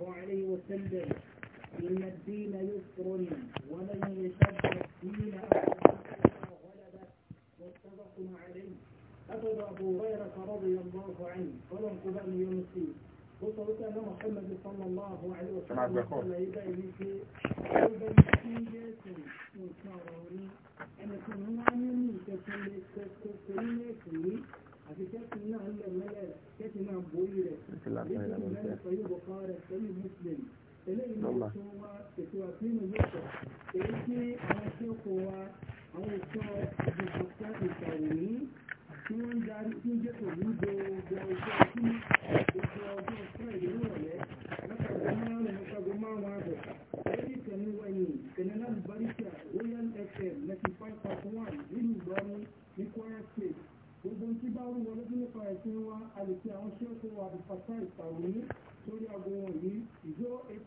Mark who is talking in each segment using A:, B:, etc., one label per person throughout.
A: الله عليه وسلم إن الدين يسر ومن يشد الدين غلبه متفق عليه أخذ أبو هريرة رضي الله عنه فلم قبل يونسي وصلت أن محمد صلى الله عليه وسلم قال إذا يمسي قلبا مسيجة إن شاء الله أن يكون هنا من كنت لك تكون لك àti tẹ́sí náà lẹ̀ mẹ́lẹ̀ tẹ́sí náà borí rẹ̀ lẹ́sí mẹ́rin pẹ̀lú bọ̀kárẹ̀ pẹ̀lú muslim eléyìí ló tó wá ètò àfihàn lóṣọ̀ èyí tí àwọn tí ó kó wa àwọn òṣọ ìdìbòkọ́ ìkàwòrí tí wọ́n ń darí tí ń jẹ́kọ̀ọ́ ní gbogbo ọjọ́ ọdún ètò ọjọ́ ọ̀sán ìlú rọ̀lẹ́ látàgbọ́ márùn-ún látàgbọ́ márùn-ún àbọ̀ lórí ìtẹ̀mí wẹ̀yìn kẹ̀nẹ́lá lùbáríkà royal fm ninety five point one nílùú ìgbàmú ní kwara state tí bá wù wọlé nípa ẹ̀sìn wa a lè fi àwọn ṣẹ́kù wa ìfàṣà ìtàwé lórí aago wọn yìí zero eight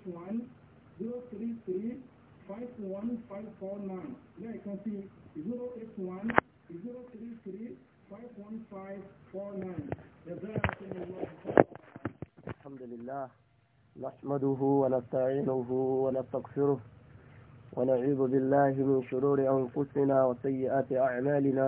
A: one lẹ́ẹ̀kan sí zero eight one zero three three five one five four nine ẹ̀bẹ́ àti ìwọ ìfọ̀ṣà. alhamdulillah نحمده ونستعينه ونستغفره ونعوذ بالله من شرور أنفسنا وسيئات أعمالنا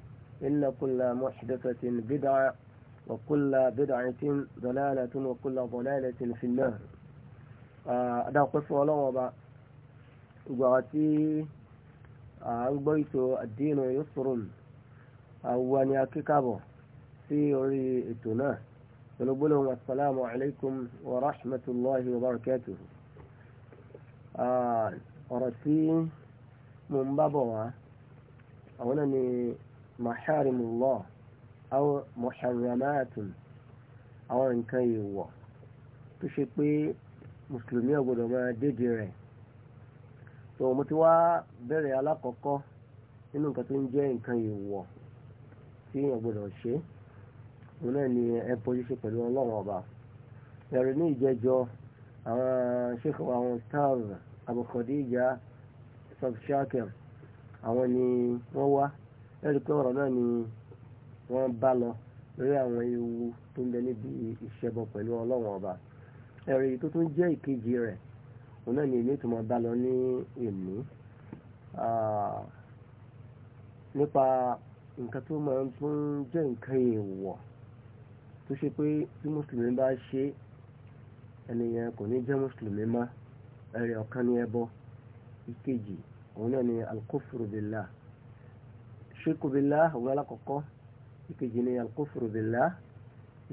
A: إن كل محدثة بدعة وكل بدعة ضلالة وكل ضلالة في النار أدعو قصة الله وبا وعتي أغبيت الدين يسر أو أن في ريئتنا ونقول السلام عليكم ورحمة الله وبركاته أرسي من بابوها أولا maharimullah àwọn muharramatun àwọn nǹkan èèwọ̀ tó ṣe pé mùsùlùmí ọ̀gbọ́dọ̀ máa dédé rẹ̀ tó mo ti wá bẹ̀rẹ̀ alákọ̀ọ́kọ́ nínú nǹkan tó ń jẹ́ nǹkan èèwọ̀ tí ọ̀gbọ́dọ̀ ṣe òun náà ni ẹ bójú ṣe pẹ̀lú ọlọ́run ọba ẹ̀rù ní ìjẹ́jọ́ àwọn ṣèkọ̀ àwọn stars Abu Khadija Subshakir àwọn ni wọ́n wá ẹ̀rí pé ọ̀rọ̀ náà ni wọ́n bá lọ lórí àwọn ewu tó ń bẹ níbi ìṣẹbọ pẹ̀lú ọlọ́run ọba ẹ̀rí tó tún jẹ́ ìkejì rẹ̀ òun náà ni èmi tó máa bá lọ ní èmi nípa nǹkan tó máa ń tún jẹ́ nǹkan èèwọ̀ tó ṣe pé tí mùsùlùmí bá ṣe ẹnìyẹn kò ní jẹ́ mùsùlùmí má ẹ̀rí ọ̀kan ní ẹbọ ìkejì òun náà ni al ṣíkù billah òun alákọ̀ọ́kọ́ ìkejì ni alkufru billah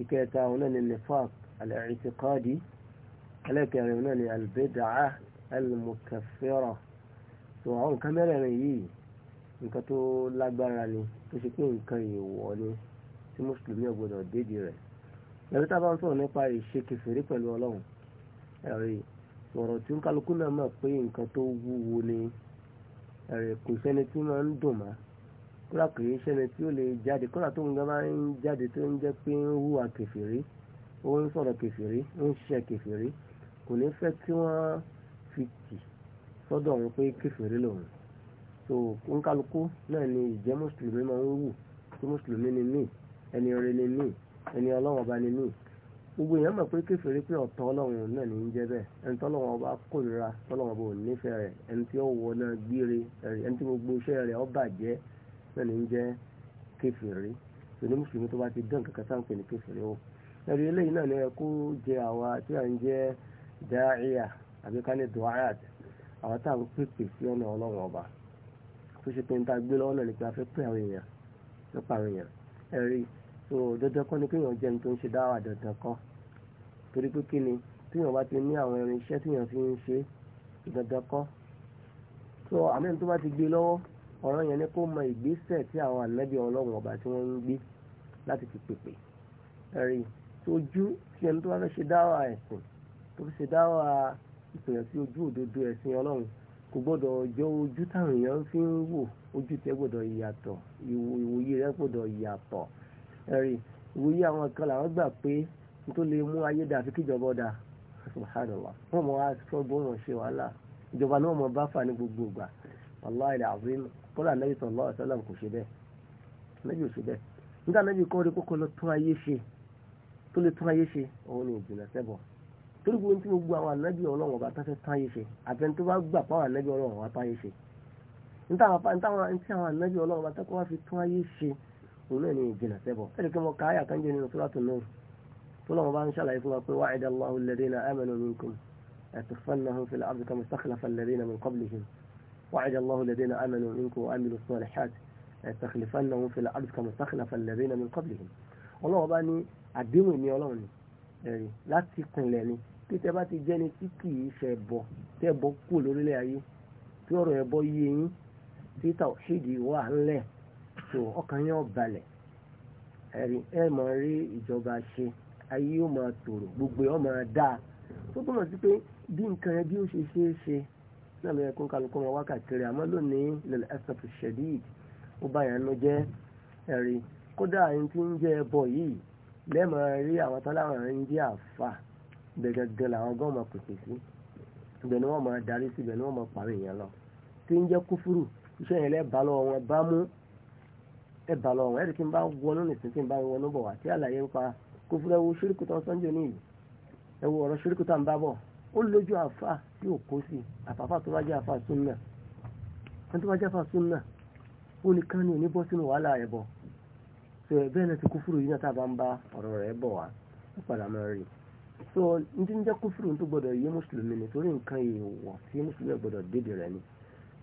A: ìkẹta òun náà ni nifaq al-i'tiqadi ẹlẹ́kẹrin òun náà ni albid'ah al-mukaffira tó àwọn nǹkan mẹ́rẹ̀ẹ̀rin yìí nǹkan tó lágbára ni tó ṣe pé nǹkan ìwọ̀ ni tí mùsùlùmí ọ̀gbọ́dọ̀ dédi rẹ̀ lẹ́bí tá a bá ń sọ̀rọ̀ nípa ìṣe kẹfìrí pẹ̀lú ọlọ́run ẹ̀rí sọ̀rọ̀ tí ó kálukú náà mọ̀ pé nǹkan tó wúwo ni ẹ̀rí kò sẹ́ni tí máa ń dùn máa kódà kìí ṣẹni tí ó lè jáde kódà tó ń gbà máa ń jáde tó ń jẹ́ pé ń hùwà kẹfìrí ó ń sọ̀rọ̀ kẹfìrí ń ṣiṣẹ́ kẹfìrí kò ní fẹ́ kí wọ́n fi tì sọ́dọ̀ òun pé kẹfìrí lòun so nkálukú náà ni ìjẹ́ mùsùlùmí máa ń wù tí mùsùlùmí ni mí ẹni rẹ ni mí ẹni ọlọ́wọ́n ọba ni mí gbogbo èèyàn mọ̀ pé kẹfìrí pé ọ̀tọ̀ ọlọ́run náà ní í jẹ́ bẹ́ẹ̀ ẹni tọ́lọ́wọ́n ọba kórìíra tọ́lọ́wọ́n ọba ò nífẹ̀ẹ́ rẹ̀ ẹni tí ó náà gbére ẹni tí gbogbo iṣẹ́ rẹ̀ ó bàjẹ́ náà ní ń jẹ́ kèfèrí tòní mùsùlùmí tó bá ti dán kankan sáà ń pè ní kèfèrí o ẹ̀rí eléyìí náà ni ẹ kó jẹ àwa tí à ń jẹ́ dáìyà àbí ká ní duwayat àwa tá à ń pèpè sí ọ̀nà ọlọ́run ọba tó ṣe pé ń ta gbé lọ́wọ́ náà ni pé a fẹ́ pè àwọn èèyàn nípa àwọn èèyàn ẹ̀rí so dandan kọ́ ni kéèyàn jẹ́ ní tó ń ṣe dáwà dandan kọ́ torí pé kí ni téèyàn bá ti ní àwọn irinṣẹ́ téèyàn fi ń ṣe dandan kọ́ so àmì tó bá ti gbé lọ́wọ́ ọ̀rọ̀ yẹn ni kó mọ ìgbésẹ̀ tí àwọn ànábì ọlọ́run ọba tí wọ́n ń gbé láti fi pèpè ẹ̀rí ojú tí ẹni tó bá fẹ́ ṣe dáwà ẹ̀sìn tó fi ṣe dáwà ìpìlẹ̀ sí ojú òdodo ẹ̀sìn ọlọ́run kò gbọ́dọ̀ jọ ojú táwọn èèyàn fi ń wò ojú tẹ gbọ́dọ̀ yàtọ̀ ìwòye rẹ gbọ́dọ̀ yàtọ̀ ẹ̀rí ìwòye àwọn kan làwọn gbà pé n tó lè mú ayé dà fi kíjọba dà subhanallah wọn mọ aṣọ bó wọn ṣe wàhálà ìjọba náà mọ bá fà ní gbogbo ìgbà wàláhì àbúrò kọ́lá anábì sallallahu alaihi wasallam kò ṣe bẹ́ẹ̀ anábì ò ṣe bẹ́ẹ̀ nígbà anábì kọ́ rí kókó lọ tún ayé ṣe tó lè tún ayé ṣe òun ni ìjìnlẹ̀ sẹ́bọ̀ torí gbogbo tí gbogbo àwọn anábì ọlọ́run ọba tó fẹ́ tún ayé ṣe àbẹ̀ni tó bá gbà pàwọn anábì ọlọ́run ọba tún ayé ṣe níta àwọn anábì ọlọ́run ọba tó kọ́ wá fi tún ayé ṣe òun náà ni ìjìnlẹ̀ sẹ́bọ̀ ẹ̀rì kí mo وعد الله الذين آمنوا منكم وعملوا الصالحات يستخلفنهم في الأرض كما استخلف الذين من قبلهم ọlọ́run ọba ní àdéhùn ní ọlọ́run ẹ̀rí láti pinlẹ̀ ni pété bá ti jẹ́ni tí kì í ṣe ẹbọ tí ẹbọ kú lórílẹ̀ ayé tí ọ̀rọ̀ ẹbọ yé yín tí tàwọ́ṣídì wà ńlẹ̀ tó ọkàn yẹn balẹ̀ ẹ̀rí ẹ̀ máa rí ìjọba ṣe ayé ó máa tòrò gbogbo ẹ̀ ó máa dáa tó túmọ̀ sí pé bí nǹkan ẹ bí ó ṣe ṣe é ṣe náà ló yẹ kó kálukú wọn wákàtí rẹ̀ àmọ́ lónìí lil asaf shadid ó bá yẹn ló jẹ́ ẹ̀rí kódà ẹni tí ń jẹ ẹbọ yìí lẹ́mọ̀ rí àwọn tó láwọn ẹni jẹ́ àfà gbẹgẹgẹ làwọn gan máa pèsè sí ibẹ̀ ni wọ́n máa darí sí ibẹ̀ ni wọ́n máa pàrọ̀ èèyàn lọ tí ń jẹ́ kúfúrù iṣẹ́ yẹn lẹ́ẹ̀ bá wọn bá mú ẹ lọ wọn ẹ kí n bá wọnú nìsín kí n bá wọnú bọ̀ wá tí àlàyé ń pa kó fúnra wo ṣíríkù sọ́njọ́ ní ìlú ẹ wo ọ̀rọ̀ ṣíríkù ń bá bọ̀ ó lójú àfà tí ò kó sí àfàfà tó bá jẹ́ àfà súnà ẹni tó bá jẹ́ àfà súnà ó ní kán ní òní bọ́ sínú wàhálà rẹ̀ bọ̀ so ẹ̀bẹ́ náà ti kúfúrú yìí náà tá a bá ń bá ọ̀rọ̀ rẹ̀ bọ̀ wá ó padà máa rí so ní ti ń jẹ́ kúfúrú tó gbọ́dọ̀ yé mùsùlùmí ni torí nǹkan èèwọ̀ tí mùsùlùmí gbọ́dọ̀ dédè rẹ̀ ni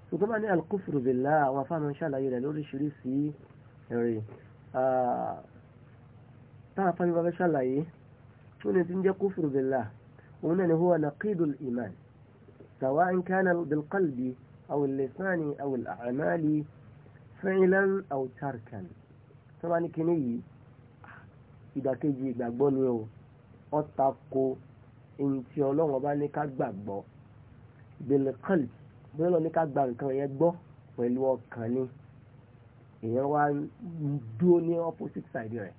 A: so tó bá ní alukúfúrú bìlá àwọn afáàmù ṣàlàyé rẹ̀ lóríṣiríṣi rẹ̀ táwọn afáàmù bá fẹ́ ṣàlàyé tó ní ti ń jẹ́ kúfúrú bìlá òun náà ni huwa naqidul iman سواء كان بالقلب أو اللسان أو الأعمال فعلا أو تركا طبعا كني إذا كيجي gbàgbọ́ ni o ó tako ntí ọlọ́run ọba ní ká gbàgbọ́ bilqalb bóyá lọ ní ká gba nǹkan yẹn gbọ́ pẹ̀lú ọkàn ni èèyàn wá ń dúró ní opposite side rẹ̀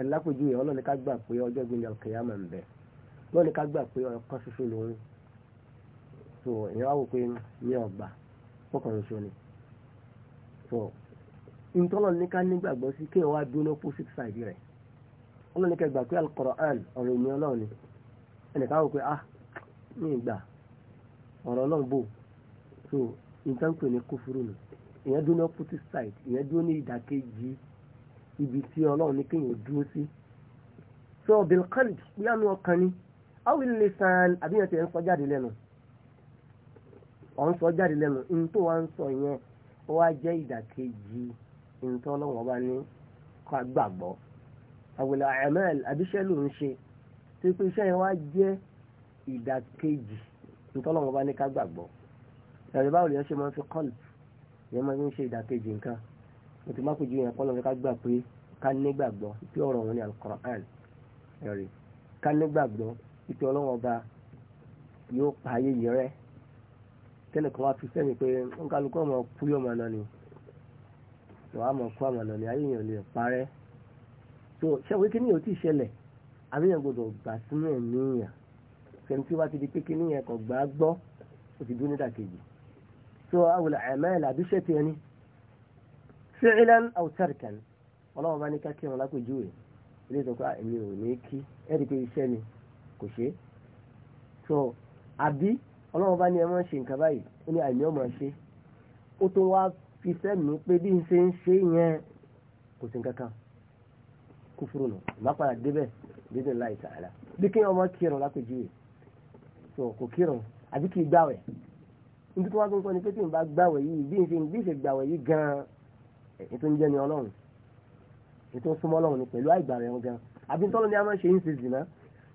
A: ẹ̀ lápèjúwe ọlọ́run ní ká gbà pé ọjọ́ ìgbìyànjú kìyàmọ̀ ń bẹ wọ́n ní ká gbà pé ọ̀kan ṣoṣo lòun so èèyàn wá wò pé ní ọgbà ọ̀kan ṣoṣo ni so ntọ́lọ̀ ní ká nígbàgbọ́ sí kí wọ́n á dúró opposite side rẹ̀ wọ́n ní ká gbà pé al-Qur'an ọ̀rọ̀ ìmí ọlọ́run ni ẹnìkan wò pé ah ní ìgbà ọ̀rọ̀ ọlọ́run bò so nǹkan pè ní kófúrú nù ìyẹn dúró ní opposite side ìyẹn dúró ní ìdàkejì ibi tí ọlọ́run ní kéèyàn dúró sí so bilkand bí àánú ọkàn ni awi lè san àbíyàn tiẹ̀ ń sọ jáde lẹ́nu ọ̀ ń sọ jáde lẹ́nu ní tó wá ń sọ yẹn ó wá jẹ́ ìdàkejì ìntọ́ ọlọ́wọ́n bá ní ká gbàgbọ́ àwòlẹ̀ àmẹ́l àbíṣẹ́ ló ń ṣe tó pé iṣẹ́ yẹn wá jẹ́ ìdàkejì ìntọ́ ọlọ́wọ́n bá ní ká gbàgbọ́ ẹ̀rọ báwo lèyàn ṣe máa ń fi kọ́lù yẹn máa ń ṣe ìdàkejì nǹkan mo ti má kojú yẹn kọ́ lọ́wọ́ ká gbà pé ká nígbàgbọ́ pé ọ̀rọ̀ òun ni Al-Qur'an ẹ̀rí ká nígbàgbọ́ ìpè ọlọ́wọ́n ọba yóò pa ayé yìí rẹ́ kẹ́nìkan wá fi sẹ́yìn pé ń kálukú ọmọ kú yóò máa nà ni á mọ̀ kú àmọ̀ nà ni ayé yẹn lè parẹ́ so ṣẹ́wé kí ni yóò ti ṣẹlẹ̀ àbí yẹn gbọdọ̀ gbà sínú ẹ̀mí yẹn kẹ́ni tí wá ti di pé kí ni yẹn kò gbà á gbọ́ ó ti dún nídàkejì so àwọn àmẹ́lẹ̀ àbí ṣẹ́ ti ẹni fi'lan aw tarkan ọlọ́wọ́n bá ní ká kí wọn lápèjúwe ilé ìtọ́kọ́ ẹ̀mí kò ṣe é so àbí ọlọ́run bá ní ẹ máa ń ṣe nǹkan báyìí ó ní àìní ọmọ ṣe ó tó wá fi sẹ́mi pé bí n ṣe ń ṣe yẹn kò sí nǹkan kan kú fúru nù má padà débẹ̀ dédé láì sàárà bí kí ọmọ kírun lápèjúwe so kò kírun àbí kì í gbàwẹ̀ níbi tí wọ́n tún sọ ni pé tí n bá gbàwẹ̀ yìí bí n ṣe bí n ṣe gbàwẹ̀ yìí gan-an èyí tó ń jẹ́ ni ọlọ́run èyí tó ń súnmọ́ ọlọ́run ni pẹ̀lú àìgbàwẹ̀ wọn gan-an àbí tọ́lọ́ ni a máa ń ṣe yín ṣe zìnnà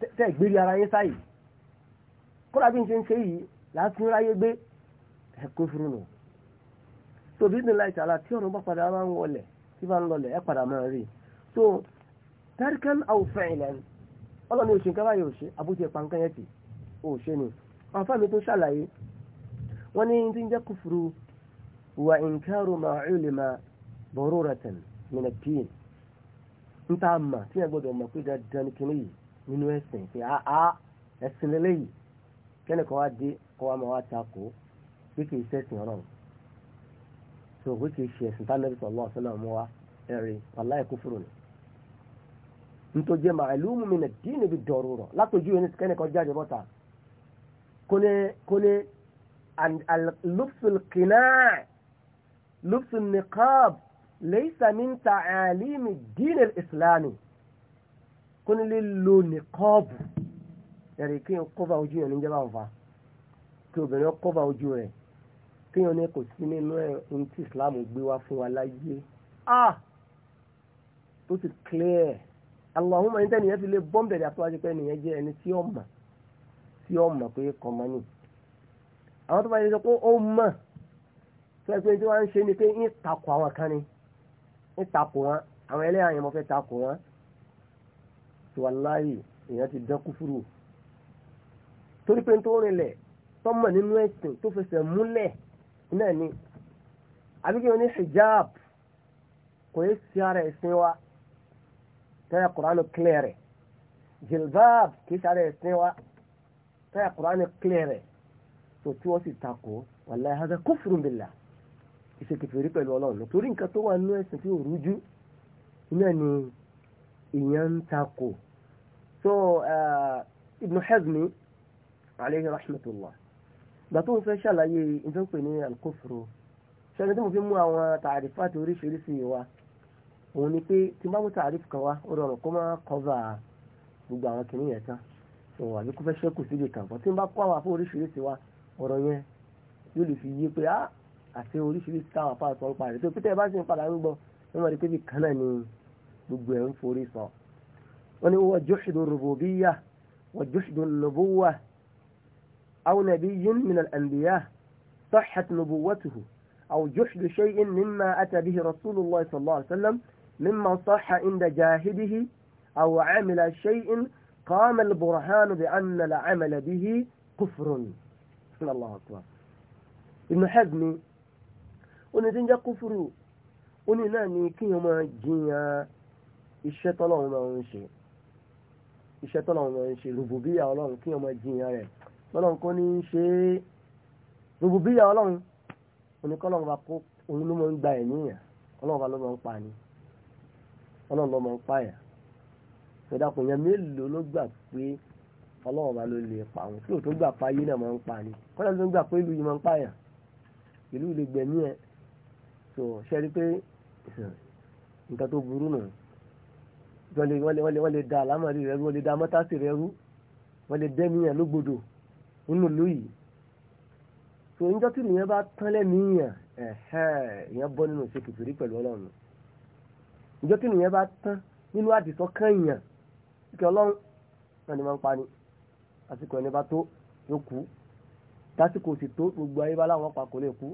A: tẹ́ ìgbérí ara yín sáyì kódà bí n ṣe ń ṣe yìí láti ń ráyé gbé ẹ̀kọ́ fún un nù. tó bí nílá ìtàlá tí ọ̀run bá padà máa ń wọlẹ̀ tí bá ń lọlẹ̀ ẹ̀ padà máa rí i. tó tarikan aw fa'ilan ọlọ́ni òṣè nǹkan báyìí òṣè àbújá ẹ̀pà nǹkan yẹn ti òṣè ni. àwọn fáàmì tó ṣàlàyé wọ́n ní ti ń jẹ́ wà nínú ẹ̀sìn pé àá ah, ah, ẹ̀sìn lélẹ́yìí kẹ́nìkan wá dé kọ́ wa máa wá takò pé kì í sẹ́sìn ọ̀rọ̀ so pé kì í ṣe ẹ̀sìn tánàbí sọ̀lọ́ ọ̀sọ́lá mọ́ wa ẹ̀rí wàláì kúfùrù ni. nítorí màálùmù mi nà dín níbi dọ̀rọ̀ rọ̀ látòjú ẹni kẹ́nìkan jáde bọ́ta kóni kóni lùfùl kìnnà lùfùl lẹ́yìn sàmìntà àlìmì dín ìsìlámì kó nílé lo nìkọ́ọ̀bù ẹ̀rì kí n kọ́ba ojú yẹn níjọba ọ̀fà kí obìnrin kọ́ba ojú rẹ̀ kí yẹn ní kò sí nínú ẹ̀ ní tí Islam gbé wá fún wa láyé ah tó ti clear Allahumma ní tẹ́niyẹn fi lé bọ́m̀bẹ̀rẹ̀ àtúwájú pé nìyẹn jẹ́ ẹni tí ó mọ̀ tí ó mọ̀ pé kọ̀mọ́ ni àwọn tó bá yẹ kó ó mọ̀ tó ẹ pé tí wọ́n ń ṣe ni pé ń takò àwọn kan ni ń takò wọn àwọn ẹlẹ́yà yẹn mo fẹ́ takò wọn wàláyì èèyàn ti dán kúfúrú torí pé tó rinlẹ̀ tọ́mọ nínú ẹ̀sìn tó fẹsẹ̀ múlẹ̀ náà ni àbíkẹ́ wọn ní hijab kò yẹ sí ara ẹ̀sìn wa tẹ́lẹ̀ kuranu kílẹ̀ rẹ̀ jilbab kì í sára ẹ̀sìn wa tẹ́lẹ̀ kuranu kílẹ̀ rẹ̀ tó tí wọ́n sì takò wàláyì hàdà kufrun billah ìṣèkèfèrí pẹ̀lú ọlọ́run torí nǹkan tó wà nínú ẹ̀sìn tí ò rújú náà ni ìyẹn ń takò so uh, Ibn Hazmi aleyhi rahmatullah gbàtó ń fẹ́ ṣàlàyé ìfẹ́pẹ́ ní alukófòrò ṣẹlẹ̀ tí mo fi mú àwọn tààrífà àti oríṣiríṣi wa òun ni pé tí n bá mú tààrífù kan wá ó rọrùn kó má kọ́va gbogbo àwọn kìnìún yẹn tán òun àbí kó fẹ́ ṣẹ́kù síbi kan bọ́ tí n bá kó àwọn afọ oríṣiríṣi wa ọ̀rọ̀ yẹn yóò lè fi yé pé á ah, àti oríṣiríṣi táwọn afọ àti ọ̀pá rẹ̀ tó pété bá sì ń padà ń gbọ́ wọ́n máa rí pé bí kan náà ni gbogbo ẹ̀ ń forí sọ هو جحد الربوبية وجحد النبوة أو نبي من الأنبياء صحت نبوته أو جحد شيء مما أتى به رسول الله صلى الله عليه وسلم مما صح عند جاهده أو عمل شيء قام البرهان بأن العمل به كفر الله أكبر ابن حزم ونزين جا كفر ونناني كيما جيا الشيطان ما شيء iṣẹ́ tọ́lọ́run máa ń ṣe rùbùbíyà ọlọ́run kí ọmọ jiyàn rẹ̀ lọ́lọ́run kò ní í ṣe é rùbùbíyà ọlọ́run oníkọ́lọ́run bá kó òun ló máa ń gba ẹ̀mí yàn ọlọ́run bá ló máa ń pa ni ọlọ́run ló máa ń pààyà ìdàkùn yẹn mélòó ló gbà pé ọlọ́run bá ló lè pa àwọn tí òtún gbà pa ayé náà máa ń pa ni kọ́lá ló ń gbà pé ìlú yìí máa ń pààyà ìlú ìlú gbẹ̀mí ẹ̀ tó ṣẹ́rí wọ́n lè da àlámọ̀rí rẹ̀ rú wọ́n lè da mọ́tàsí rẹ̀ rú wọ́n lè dẹ́niyàn lógbodò nínú ìlú yìí tó ń jọ́ tí nìyẹn bá tán lẹ́niyàn ìyẹn bọ́ nínú ṣe kìtìrí pẹ̀lú ọlọ́run ìjọ tí nìyẹn bá tán nínú àdìsọ́ kẹ́yìn kíkẹ́ ọlọ́run náà ni máa ń pani àsìkò ẹni bá tó yóò kú tásìkò sì tó gbogbo ayé bá láwọn pa kò lè kú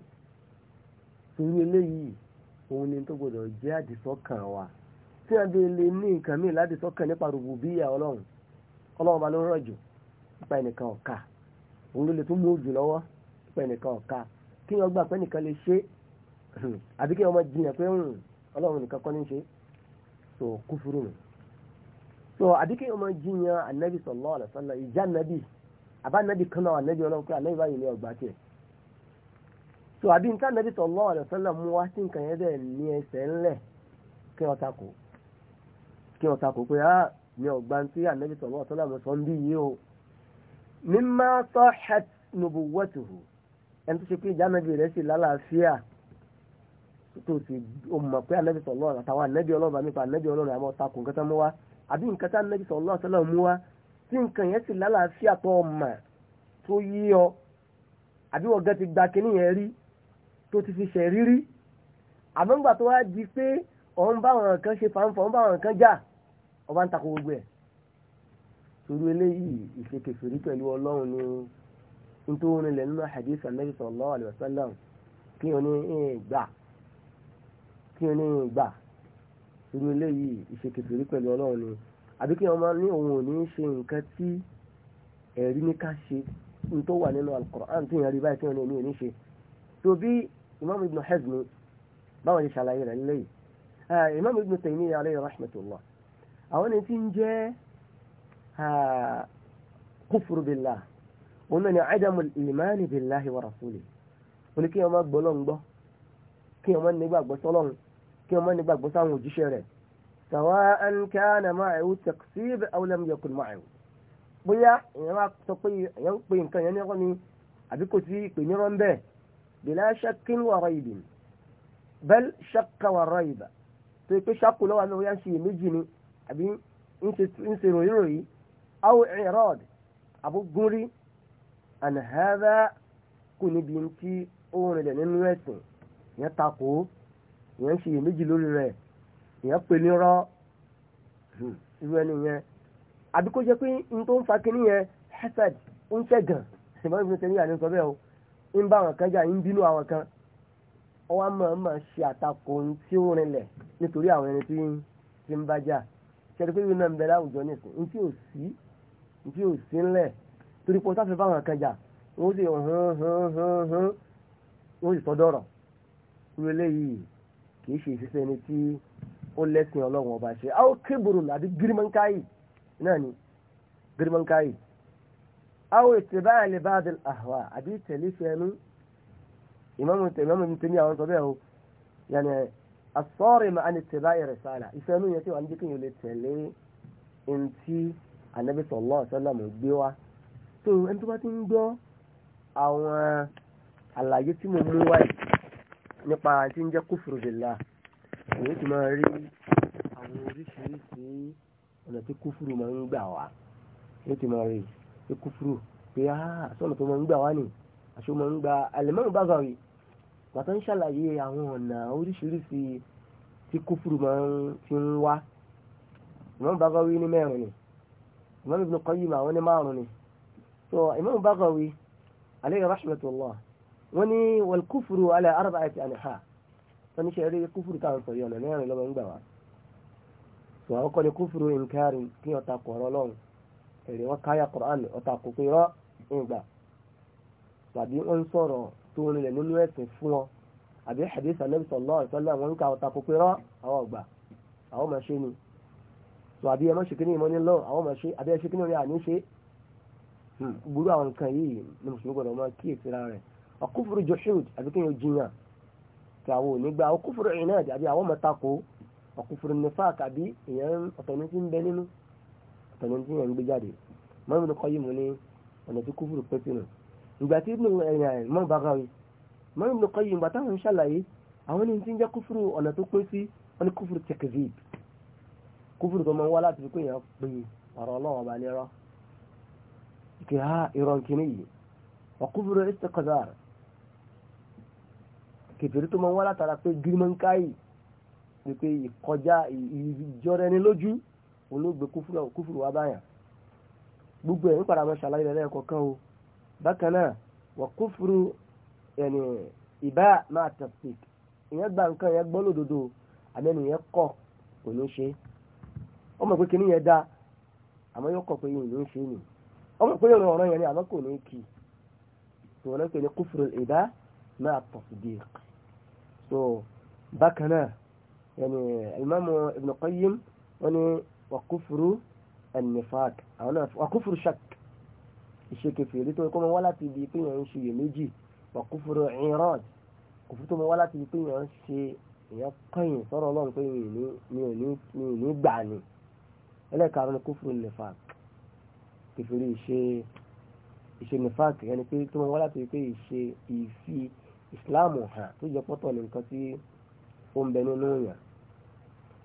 A: torí eléyìí òun ni tó gbọdọ̀ jẹ́ àdìsọ́ kàn wá. tí a bẹ lè ní nǹkan míì láti sọ́kàn nípa rùbùbíyà ọlọ́run ọlọ́run bá ló rọ̀ jù nípa ẹnìkan ọ̀ka òun ló lè tún mú jù lọ́wọ́ nípa ẹnìkan ọ̀ka kí wọ́n gbà pé nìkan lè ṣe àbí kí wọ́n jiyàn pé hmm, ọlọ́run nìkan kọ́ ní ṣe àbí kí wọ́n jiyàn ìjà anabi àbá kan náà anabi ọlọ́run pé báyìí ọgbà tiẹ̀ àbí kí ọ̀tà kò pé ah mi ò gba ti ànábì sọ̀rọ̀ ọ̀tọ́lá mi sọ ń bí yìí o mimma sahhat nubuwwatuhu ẹni tó ṣe pé ìjà ànábì rẹ̀ sì lálàáfíà tó sì ó mọ̀ pé ànábì sọ̀rọ̀ àtàwọn ànábì ọlọ́run àmì pa ànábì ọlọ́run àmọ́ ọ̀tà kò nǹkan tán mú wa àbí nǹkan tán ànábì sọ̀rọ̀ ọ̀tọ́lá mú wa tí nǹkan yẹn sì lálàáfíà tó ọmọ tó yí ọ àbí wọ́n gẹ́ ti gba kinní yẹn rí tó ti fi ṣẹ̀ rírí àmọ́ tó wá di pé òun báwọn kan ṣe fàǹfà òun báwọn kan já ọba ń takò gbogbo ẹ̀ torí eléyìí ìṣekèfèrí pẹ̀lú ọlọ́run ni nítorí orinlẹ̀ nínú hadith Ànábì sallallahu alaihi wasallam kí wọn ní ìgbà kí wọn ní ìgbà torí eléyìí ìṣekèfèrí pẹ̀lú ọlọ́run ni àbí kí wọn máa ní òun ò ní ṣe nǹkan tí ẹ̀rí ní ká ṣe ní tó wà nínú al-Qur'an tó yẹn rí báyìí kí wọn ní òun ò ní ṣe ah, tó àwọn ẹni tí ń jẹ́ kúfùrù billah òun náà ni ádámù ìmáàní billahi wa rasulihi òní kí ọmọ gbọ́ lọ́n gbọ́ kí ọmọ nígbàgbọ́ sọ́lọ́run kí ọmọ nígbàgbọ́ sáwọn òjíṣẹ́ rẹ̀ sawa'an kana ma'ahu taqsib aw lam yakun ma'ahu bóyá èèyàn wá sọ pé èèyàn ń pe nǹkan yẹn ní ọkọ ni àbí kò sí ìpè ní rọ́ńbẹ́ bila shakkin wa raybin bal shakka wa rayba tó yẹ pé ṣàkó lọ́wọ́ àná abi ń ṣe ròyìn ròyìn aw i'rad àbúgúnrí an hadha kò níbi tí ó rìnlẹ̀ nínú ẹ̀sìn ìyẹn takò ìyẹn ṣe iyèméjì lórí rẹ̀ ìyẹn pè ní rọ́ hmm, irú ẹni yẹn àbí kó jẹ́ n tó ń fa kínní yẹn hasad ń ṣẹ̀gàn ṣèmọ́ tẹ̀lé sọ bẹ́ẹ̀ o ń bá kan jà ń bínú àwọn kan ọwọ́ máa máa ṣe àtakò tí ó nítorí àwọn ẹni tí ń bá jà. ṣẹ́ni pé ìwé náà ń bẹ̀rẹ̀ àwùjọ nìsín ní tí ò sí ní tí ò sí ńlẹ̀ torí pé sáfẹ́ báwọn kan jà wọ́n sì hàn hàn hàn hàn wọ́n sì sọdọ̀rọ̀ irú eléyìí kì í ṣe ìṣiṣẹ́ ẹni tí ó lẹ́sìn ọlọ́run ọba ṣe àwọn kébùrù àbí gírímọ̀nkáyì náà ni gírímọ̀nkáyì àwọn ìtẹ̀bá ilẹ̀ àhùwà àbí ìtẹ̀lé fẹ́ẹ́nu ìmọ̀mù ìtẹ̀mí àwọn asọ́rìmù àni tẹ̀lá ìrẹsàlà ìfẹ́ inú yẹn tí wà ní jíkìn yóò lè tẹ̀lé ntí anabi sallallahu alaihi wasallam gbé wa tó ẹni tó bá ti ń gbọ́ àwọn àlàyé tí mo mú wáyé nípa tí ń jẹ́ kúfùrù bìlà èyí tí máa rí àwọn oríṣiríṣi ọ̀nà tí kúfùrù máa ń gbà wá èyí tí máa rí pé pé ah sọ̀nà tó máa ń gbà wá nì bàtà ń ṣàlàyé àwọn ọ̀nà oríṣiríṣi tí kúfùrù máa ń fi ń wá Imam Bagawi ní mẹ́rin ni Imam Ibn Qayyim àwọn ní márùn ni so Imam Bagawi alayhi rahmatullah wọ́n ní wal kúfùrù ala arba'ati anha wọ́n ní ṣe eré kúfùrù táwọn sọ yọ̀nà mẹ́rin lọ́wọ́ ń gbà wá so àwọn kọ́ni kúfùrù inkari kí ọ̀ta kọ̀ọ̀rọ̀ lọ́run èrè wọn káyà Qur'an tó rinlẹ̀ nínú ẹ̀sìn fún wọn àbí hadith anabi sallallahu alaihi wasallam àwọn nǹkan àwọn tako pé rán àwọn ọgbà àwọn máa ṣe ni tó àbí ẹ má ṣe kíní ìmọ̀ ní lọ àwọn máa ṣe àbí ẹ ṣe kíní orí àní ṣe hmm, gbúrú àwọn nǹkan yìí ni mùsùlùmí gbọdọ̀ máa kíyèsí ra rẹ̀ ọkùnfúru joshua àbí kí n yóò jiyàn tí àwọn ò ní gba ọkùnfúru ìnáàdì àbí àwọn máa tako ọkùnfúru nifaq àbí ìyẹn ọ̀tọ̀ni ìgbà tí ibùn ẹ̀yà ẹ̀ mọ́ bàbá rẹ̀ mọ́ Ibn Qayyim bàtà wọn ṣàlàyé àwọn ní ti ń jẹ́ kúfúrú ọ̀nà tó pín sí wọn ní kúfúrú tẹkẹ̀zíb kúfúrú tó máa ń wá láti fi kéèyàn pè ọ̀rọ̀ ọlọ́run ọba nírọ́ ìkè ha ìrọ̀ nkíní yìí wà kúfúrú istiqzar kẹfìrí tó máa ń wá látara pé gírímọ̀nkáyì pé ìkọjá ìjọra lójú olóògbé kúfúrú wa báyà gbogbo ẹ̀ ń padà mọ́ ṣàlàyé rẹ̀ lẹ́ẹ̀kọ̀ọ̀kan o bákan náà wọ́n kúfúrú ẹni ìbá máa tẹ̀sík ìyẹn gba nǹkan ìyẹn gbọ́ lódodo àmì ẹni ìyẹn kọ̀ kò ní ṣe ó mọ̀ pé kíní yẹn dá àmọ́ yóò kọ̀ pé yìí ló ń ṣe nì ó mọ̀ pé yóò rọrùn yẹn ni àmọ́ kò ní kì í tó pè ní kúfúrú ìbá máa tẹ̀sík so bákan ẹni ìmáàmù Ibn Qayyim wọn ni wọ́n kúfúrú ẹni nifaq àwọn náà wọ́n kúfúrú shak iṣẹ́ kẹfìrí tó kọ́ mọ wá láti ibi pé èèyàn ń ṣe iyèméjì wà kúfúrú ìrọ́d kò fún tó mọ wá láti ibi pé èèyàn ń ṣe èèyàn kọ́yìn sọ̀rọ̀ ọlọ́run pé mi ò ní gbà ni ẹlẹ́karùn ni kúfúrú nìfàk kẹfìrí ìṣe ìṣe nìfàk yẹn ni pé tó mọ wá láti ibi pé ìṣe ìfi ìsìláàmù hàn tó jẹ pọ́tọ̀ ní nǹkan tí ó ń bẹ nínú yàn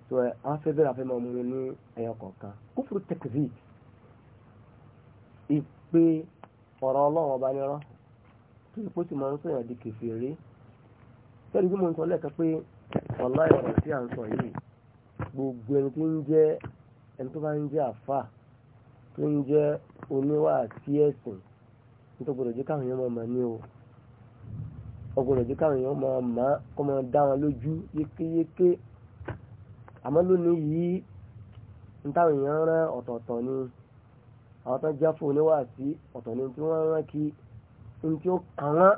A: tó ẹ á fẹ́ bẹ̀rẹ̀ afẹ́ máa mú ní ẹyọ kọ̀ọ̀kan kúfúrú tẹ̀kìrì pé ọ̀rọ̀ ọlọ́run ọba nírọ́ tó yẹ kó sì máa ń sọ̀yàn di kèfèrí tẹ́lẹ̀ bí mo ń sọ lẹ́ẹ̀kan pé ọ̀la ìrọ̀rùn tí ń sọ yìí gbogbo ẹni tó ń jẹ́ ẹni tó bá ń jẹ́ àfà tó ń jẹ́ oníwà àti ẹ̀sìn ní gbọdọ̀ jẹ́ káwọn èèyàn máa ní o ọgbọdọ̀ jẹ́ káwọn èèyàn máa wọn lójú yékéyéké àmọ́ lónìí yìí àwọn tó jáfò níwà sí ọ̀tọ̀ ní tí wọ́n rán kí n tí ó kàn wọ́n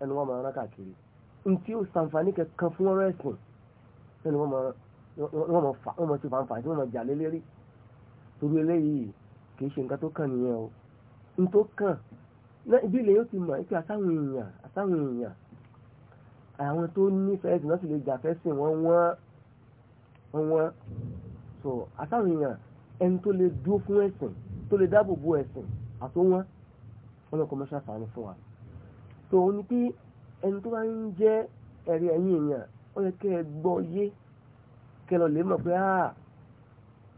A: ẹni wọ́n máa rán káàkiri n tí ó sàǹfààní kankan fún ọ̀rọ̀ ẹ̀sìn ẹni wọ́n máa ti fàǹfà tí wọ́n máa jà lélẹ́rí torí eléyìí kì í ṣe nǹkan tó kàn nìyẹn o n tó kàn ibi ilẹ̀ yóò ti mọ̀ pé àtàwọn èèyàn àtàwọn èèyàn àwọn tó nífẹ̀ẹ́ ẹ̀sìn náà sì lè jà fẹ́ sìn wọ́n wọ́n wọ́n so àtàwọn èèyàn ẹni tó lè dúró fún ẹ̀sìn tó lè dáàbò bo ẹ̀sìn àtúnwọ́n ọlọ́kọ̀ mọ́ṣá sàánú fún wa tó o ní pé ẹni tó bá ń jẹ́ ẹ̀rí ẹ̀yìn èèyàn ó yẹ kẹ́ ẹ gbọ́ yé kẹ́ ẹ lọ lè mọ̀ pé áà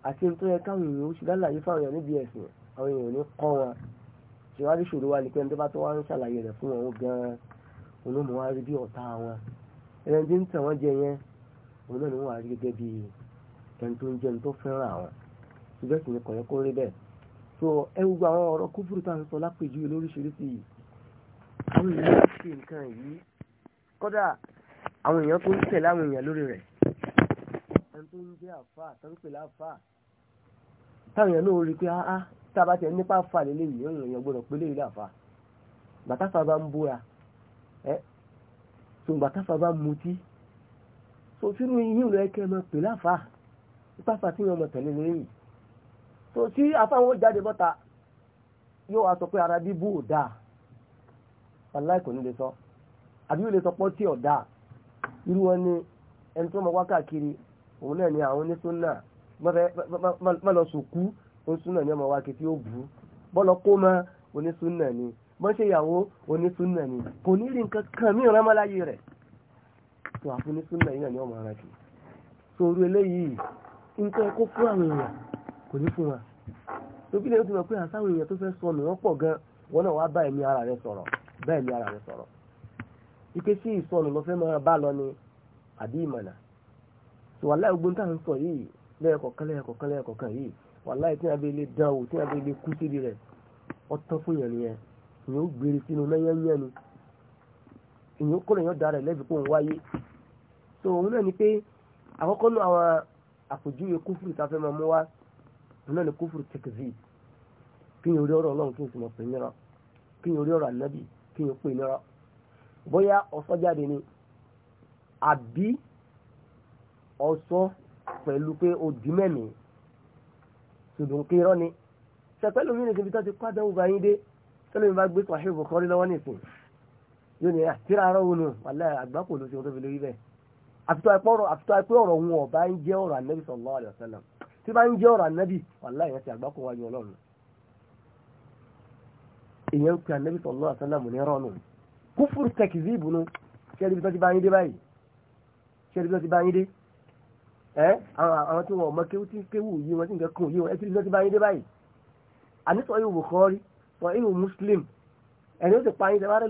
A: àti ẹni tó yẹ káwọn èèyàn ó ṣe lálàyé fáwọn èèyàn níbi ẹ̀sìn àwọn èèyàn ní kọ́ wọn ṣèwádìí ṣòro wa ni pé ẹni tó bá tó wá ń ṣàlàyé rẹ̀ fún wọn gan-an olóòmù wa rí bí ọ̀tá wọn ẹni tí ń tàn wọ́n jẹ yẹn òun náà ni wọ́n wá rí gẹ́gẹ́ bí ẹni tó ń jẹun tó fẹ́ràn àwọn ṣùgbọ́n sì ni so ẹ gbogbo àwọn ọ̀rọ̀ kúfúrú tá a sọ lápèjúwe lóríṣiríṣi yìí àwọn èèyàn ń ṣe nǹkan yìí kódà àwọn èèyàn tó ń tẹ̀lé àwọn èèyàn lórí rẹ̀ ẹni tó ń jẹ́ àfa àtọ́npẹ̀lá àfa táwọn èèyàn náà rí i pé áá tá a bá tiẹ̀ nípa àfa lélẹ̀ yìí ẹ̀yìn èèyàn gbọ́dọ̀ pé léyìí láfa gbàtàfà bá ń bóra ẹ tó gbàtàfà bá ń mutí tó sínú yìí ló yẹ kẹ́ ẹ máa pè láfa ipá fà tí wọ́n mọ̀ tẹ̀lé lórí so tí afáwọn jáde bọ́ta yóò wá sọ pé ara bíbú ò dáa wàláì kò ní lè sọ àbí yóò lè sọ pọ́ tí ò dáa irú wọn ni ẹni tó mọ wákàkiri òun náà ni àwọn onísúnà mọ́lọ sòkú onísúnà ni ọmọ wa kì í tí ó bù ú bọ́lọ kó mọ onísúnà ni bọ́ṣe ìyàwó onísúnà ni kò ní rí nǹkan kan mí ìran mọ́láyé rẹ̀ tó àfún onísúnà yìí náà ni ọmọ rẹ̀ kì í sọ orú eléyìí nǹkan kó fún àwọn èèyàn kò ní fún wa tóbi lè ti mọ̀ pé àsáwọn èèyàn tó fẹ́ sọnù wọ́n pọ̀ gan wọn náà wá bá ẹ̀mí ara rẹ sọ̀rọ̀ bá ẹ̀mí ara rẹ sọ̀rọ̀ ike sí ìsọnù máa sọ yìí lẹ́ẹ̀kọ̀kan lẹ́ẹ̀kọ̀kan a dán o tí a bẹ kú síbi rẹ̀ ọtọ́ fún yẹn nìyẹn ìyẹn ó gbèrè sínú mẹ́yẹ́yẹ́ ni ìyẹn ó kọ́lẹ̀ yẹn da rẹ̀ lẹ́bi kó ń wáyé so òun náà ni pé àkọ́kọ́ náà àwọn àpèjúwe máa mú wá náà ni kúfùrù tẹkẹsì kí n orí ọ̀rọ̀ Ọlọ́run kí n sì mọ pé nira kí n orí ọ̀rọ̀ ànábì kí n pè nira bóyá ọsọ jáde ni àbí ọsọ pẹ̀lú pé o dì mẹ́mìí ṣùgbọ́n kí irọ́ ni ṣẹpẹ́lú mi nìkan ibi tó ti pàdé ògbà yín dé tẹ́lẹ̀ mi bá gbé Sahih Bukhari lọ́wọ́ nìsín yóò ní àtìrà ara òun wàlẹ́ àgbákò ló ṣe wọn tó fi lórí bẹ́ẹ̀ àfitọ́ ẹ̀pọ̀ ọ̀rọ̀ òun ọ̀bá ń jẹ́ ọ̀rọ̀ Ànábì sallallahu alaihi wasallam tí bá ń jẹ́ ọ̀rọ̀ ànábì wàlá ìyẹn ti àgbákò wájú ọlọ́run èèyàn ń pe ànábì sallallahu alaihi wasallam ní rọ́ọ̀nù kúfùrù tẹ̀kìzì ìbùnú ṣẹ́ni bí tó ti bá yín dé báyìí ṣẹ́ni bí tó ti bá yín dé ẹ́ àwọn tí wọn ò mọ kéwú tí kéwú yìí wọn sì ń kẹ́ kún yìí wọn ẹtí bí tó ti bá yín dé báyìí àníṣọ ìwò Bukhari sọ ìwò Muslim ẹni ó ti pa yín sẹ́wárẹ́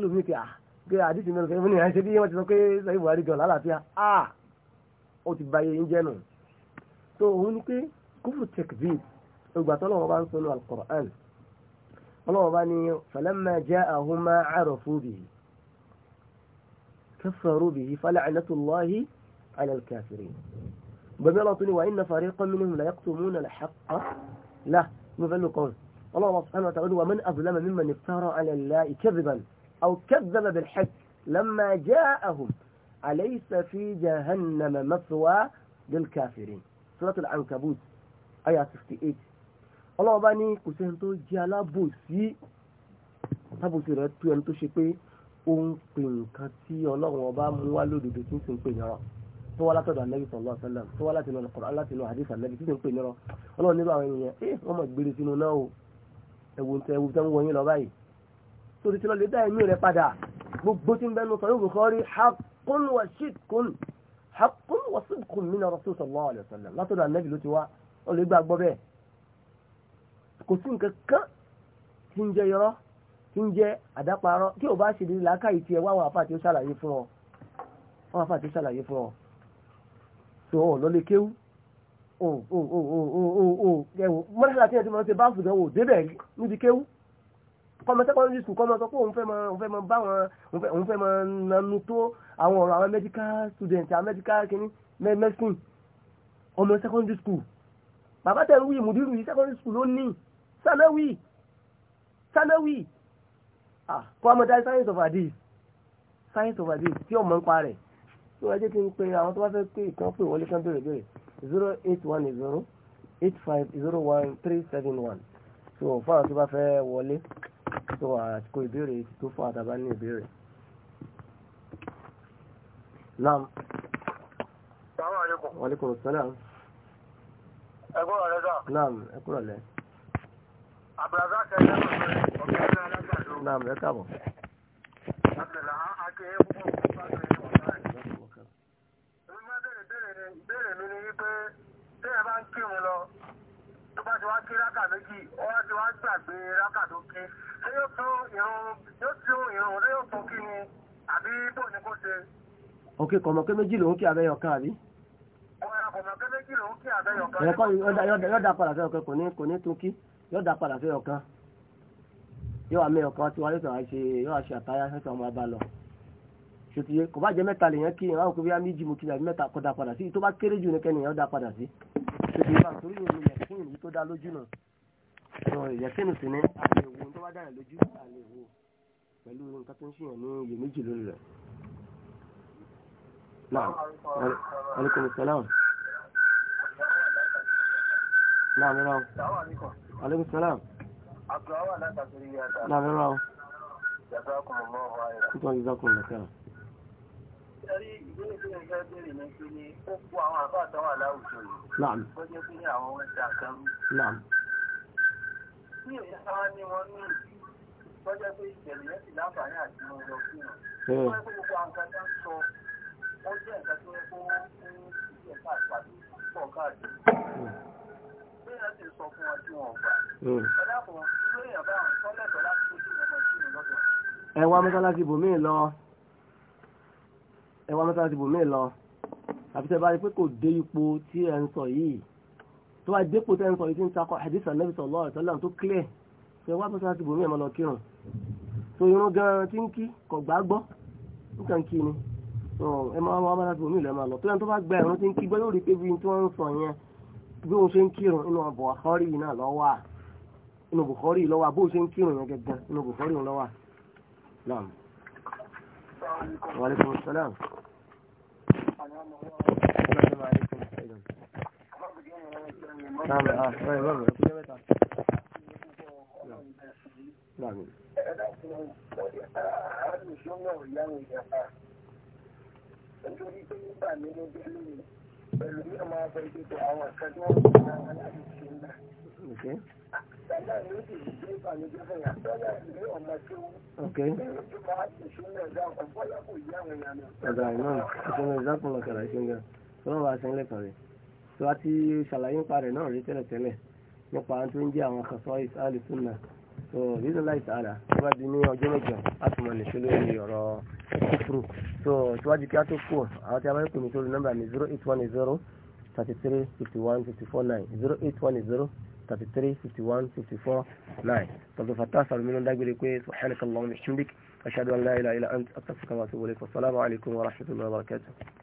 A: lómi kí كفر التكذيب وقالت الله بان سنة القرآن الله باني فلما جاءهما عرفوا به كفروا به فلعنة الله على الكافرين بملطني وإن فريقا منهم لا يقتمون الحق له نفعل قول الله سبحانه وتعالى ومن أظلم ممن افترى على الله كذبا أو كذب بالحق لما جاءهم أليس في جهنم مثوى للكافرين سورة العنكبوت àyà sixty eight ọlọ́run bá ní kò sẹ́ni tó jẹ́ alábòsí alábòsí rẹ̀ tó ẹni tó ṣe pé ó ń pè nǹkan tí ọlọ́run ọba mú wá lódodo tí ń sì ń pè yàrá tó wá látọ̀dọ̀ anabi sallallahu alaihi tó wá láti lọ láti lọ hadith anabi tí ń pè nírọ̀ ọlọ́run nílò àwọn ènìyàn ẹ wọ́n mọ̀ gbére sínú náà o ẹ̀wù tẹ ẹ̀wù tẹ ń wọ̀nyí lọ báyìí torí tí lọ́ọ́ lè dá ẹ̀mí rẹ padà gbogbo tí ń bẹnu sọ yóò Bukhari haqqun wa wa sidqun min rasul sallallahu alaihi wasallam ó lè gbàgbọ́ bẹ́ẹ̀ kò sí nǹkan kan tí ń jẹ yọrọ tí ń jẹ àdáparọ tí ò bá ṣe lè làákàyè tiẹ̀ wá àwọn àfáà tí ó ṣàlàyé fún ọ àwọn àfáà tí ó ṣàlàyé fún ọ tó ọ lọlé kéwú o o o o o o o ẹwò mọ́tàlá tí ẹ ti máa ṣe báàfù náà wò débẹ̀ níbi kéwú kọ́mọ secondary school kọ́mọ sọ pé òun fẹ́ mọ òun fẹ́ mọ bá wọn òun fẹ́ mọ nanu tó àwọn ọ̀rọ̀ àwọn medical student àwọn medical kìíní medicine ọmọ secondary school bàbá tẹ̀ wí mùdírù yìí secondary school ló ní sanawi sanawi ah kọ́ ọmọ dájú science of hadith science of hadith tí ọmọ ń pa rẹ̀ tí wọ́n jẹ́ kí n pe àwọn tó bá fẹ́ pé ìkan pè wọlé kan bèrè bèrè zero eight one zero eight five zero one three seven one so fáwọn tó bá fẹ́ wọlé tó àsìkò ìbéèrè tó fún àtàbá ní ìbéèrè. Naam. Salaamaleykum. Wa aleykum salaam ẹgbọ́n rẹ̀ sà. naam ẹ kúrò lẹ. àbùràdà kẹlẹ́ ọ̀gá ẹ̀rọ alágbàdo. naam ẹ káàbọ̀. àbẹ̀là àti ẹ̀kọ́ bá ṣe ọ̀gá rẹ̀. èmi máa bẹ̀rẹ̀ bẹ̀rẹ̀ ìbéèrè mi ni wípé téèyàn bá ń kírun lọ tó bá ti wá kí méjì ó kí abẹ́yọ̀ kan àbí ẹ̀kọ́ yọ̀dà padà sí ọ̀kan kò ní tún kí yọ̀dà padà sí ọ̀kan yóò àmì ọ̀kan tí wọ́n yóò ṣe yóò ṣe àtàyà ẹ̀sẹ̀ ọmọ abá lọ. ṣùtìyẹ kò bá jẹ́ mẹ́ta lèèyàn kí ìyàwó kò bí wọ́n méjì mú kí àbí mẹ́ta kọ́dà padà sí tó bá kéré jù ní kẹ́ni yọ̀dà padà sí. ṣùtìyẹ bá torí yóò ní yẹ̀kín ìlú tó dá lójú náà yẹ̀kín sì ni àlè wo tó bá dára lójú àlè wo pẹ̀lú nǹkan tó ń ṣèyàn ní iyèméjì lórí rẹ̀. Náà, alaikum salaam. Náà mẹ́ra o. Aleykum salaam. Abdulhawa látàkiri yàtà. Náà mẹ́ra o. Yàtà kùnú mọ́ ọ̀hún ayọ̀. Kútọ́ yìí dákùnú lọ́kẹ́. Sẹ́rí ìgbélé tí mo fẹ́ béèrè ní pé ní ó kó àwọn àbá àtàwọn aláwùjọ yìí. Náà. Ó jẹ́ pé ní àwọn ẹ̀ṣẹ̀ àkẹ́rù. Náà. Bí èyí sáwá ní wọn ní ìlú, wọ́n jẹ́ pé ìṣẹ̀lẹ̀ yẹn sì láǹfààní àti mo lọ fún wọn. Wọ́n sọ fún wọn tí wọn gbà. ọ̀dà kan ló yàn bá àwọn sọ́lẹ̀tọ̀ láti tó sí ọmọ ìṣúná lọ́dọ̀. ẹ wá mọ́sálásí bò míì lọ ẹ wá mọ́sálásí bò míì lọ àfi tẹ́ bá rí pé kò dé ipò tí ẹ ń sọ yìí tó wá dépò tẹ́ ń sọ yìí tí ń takọ àdìsàn Nabi sallallahu alaihi wasallam tó clear ṣe wá mọ́sálásí bò míì mọ́ lọ kírun tó irun gan tí ń kí kò gbá gbọ́ nǹkan kí ni ẹ máa wá mọ́sálásí bò míì lọ ẹ máa lọ tó yẹn tó bá gba ẹ̀rọ tí ń kí gbọ́ yóò rí pé bí tí wọ́n ń sọ yẹn bí wọ́n ṣe ń kírun inú Bukhari náà lọ́wọ́ à inú Bukhari lọ́wọ́ à bó ṣe ń kírun yẹn gẹ́gẹ́ inú Bukhari lọ́wọ́ à naam. wàlẹ́kùn sálàm. naam ah bẹ́ẹ̀ bẹ́ẹ̀ bẹ́ẹ̀ kúlẹ̀ mẹ́ta. naam. nítorí pé nígbà mi ló dé lónìí. Okay. Okay. Ọ̀dà náà ìṣẹ́nu ìzákùn lọ́kàrà ṣe ń gan. Sọ́nà bá ṣe ń lẹ́kàn rẹ̀. Tí wá ti ṣàlàyé nípa rẹ̀ náà rí tẹ́lẹ̀tẹ́lẹ̀ nípa tó ń jẹ́ àwọn akọ̀sọ́ ìsáàlì fún náà so bíbélì láì tààrà tó bá di ní ọjọ́ mẹ́jọ á tún mọ̀ nìṣó lórí ọ̀rọ̀ kúfúrú so síwájú kí á tó kú àwọn tí a bá ń pè mí sórí nọ́mbà mi zero eight one zero thirty three fifty one fifty four nine zero eight one zero thirty three fifty one fifty four nine tọ́jú fatah sàlùmí ló ń dágbére pé subhanakallahumma wa bihamdik ashhadu an la ilaha illa anta astaghfiruka wa atubu ilayk wa salaamu alaykum wa rahmatullahi wa barakatuh.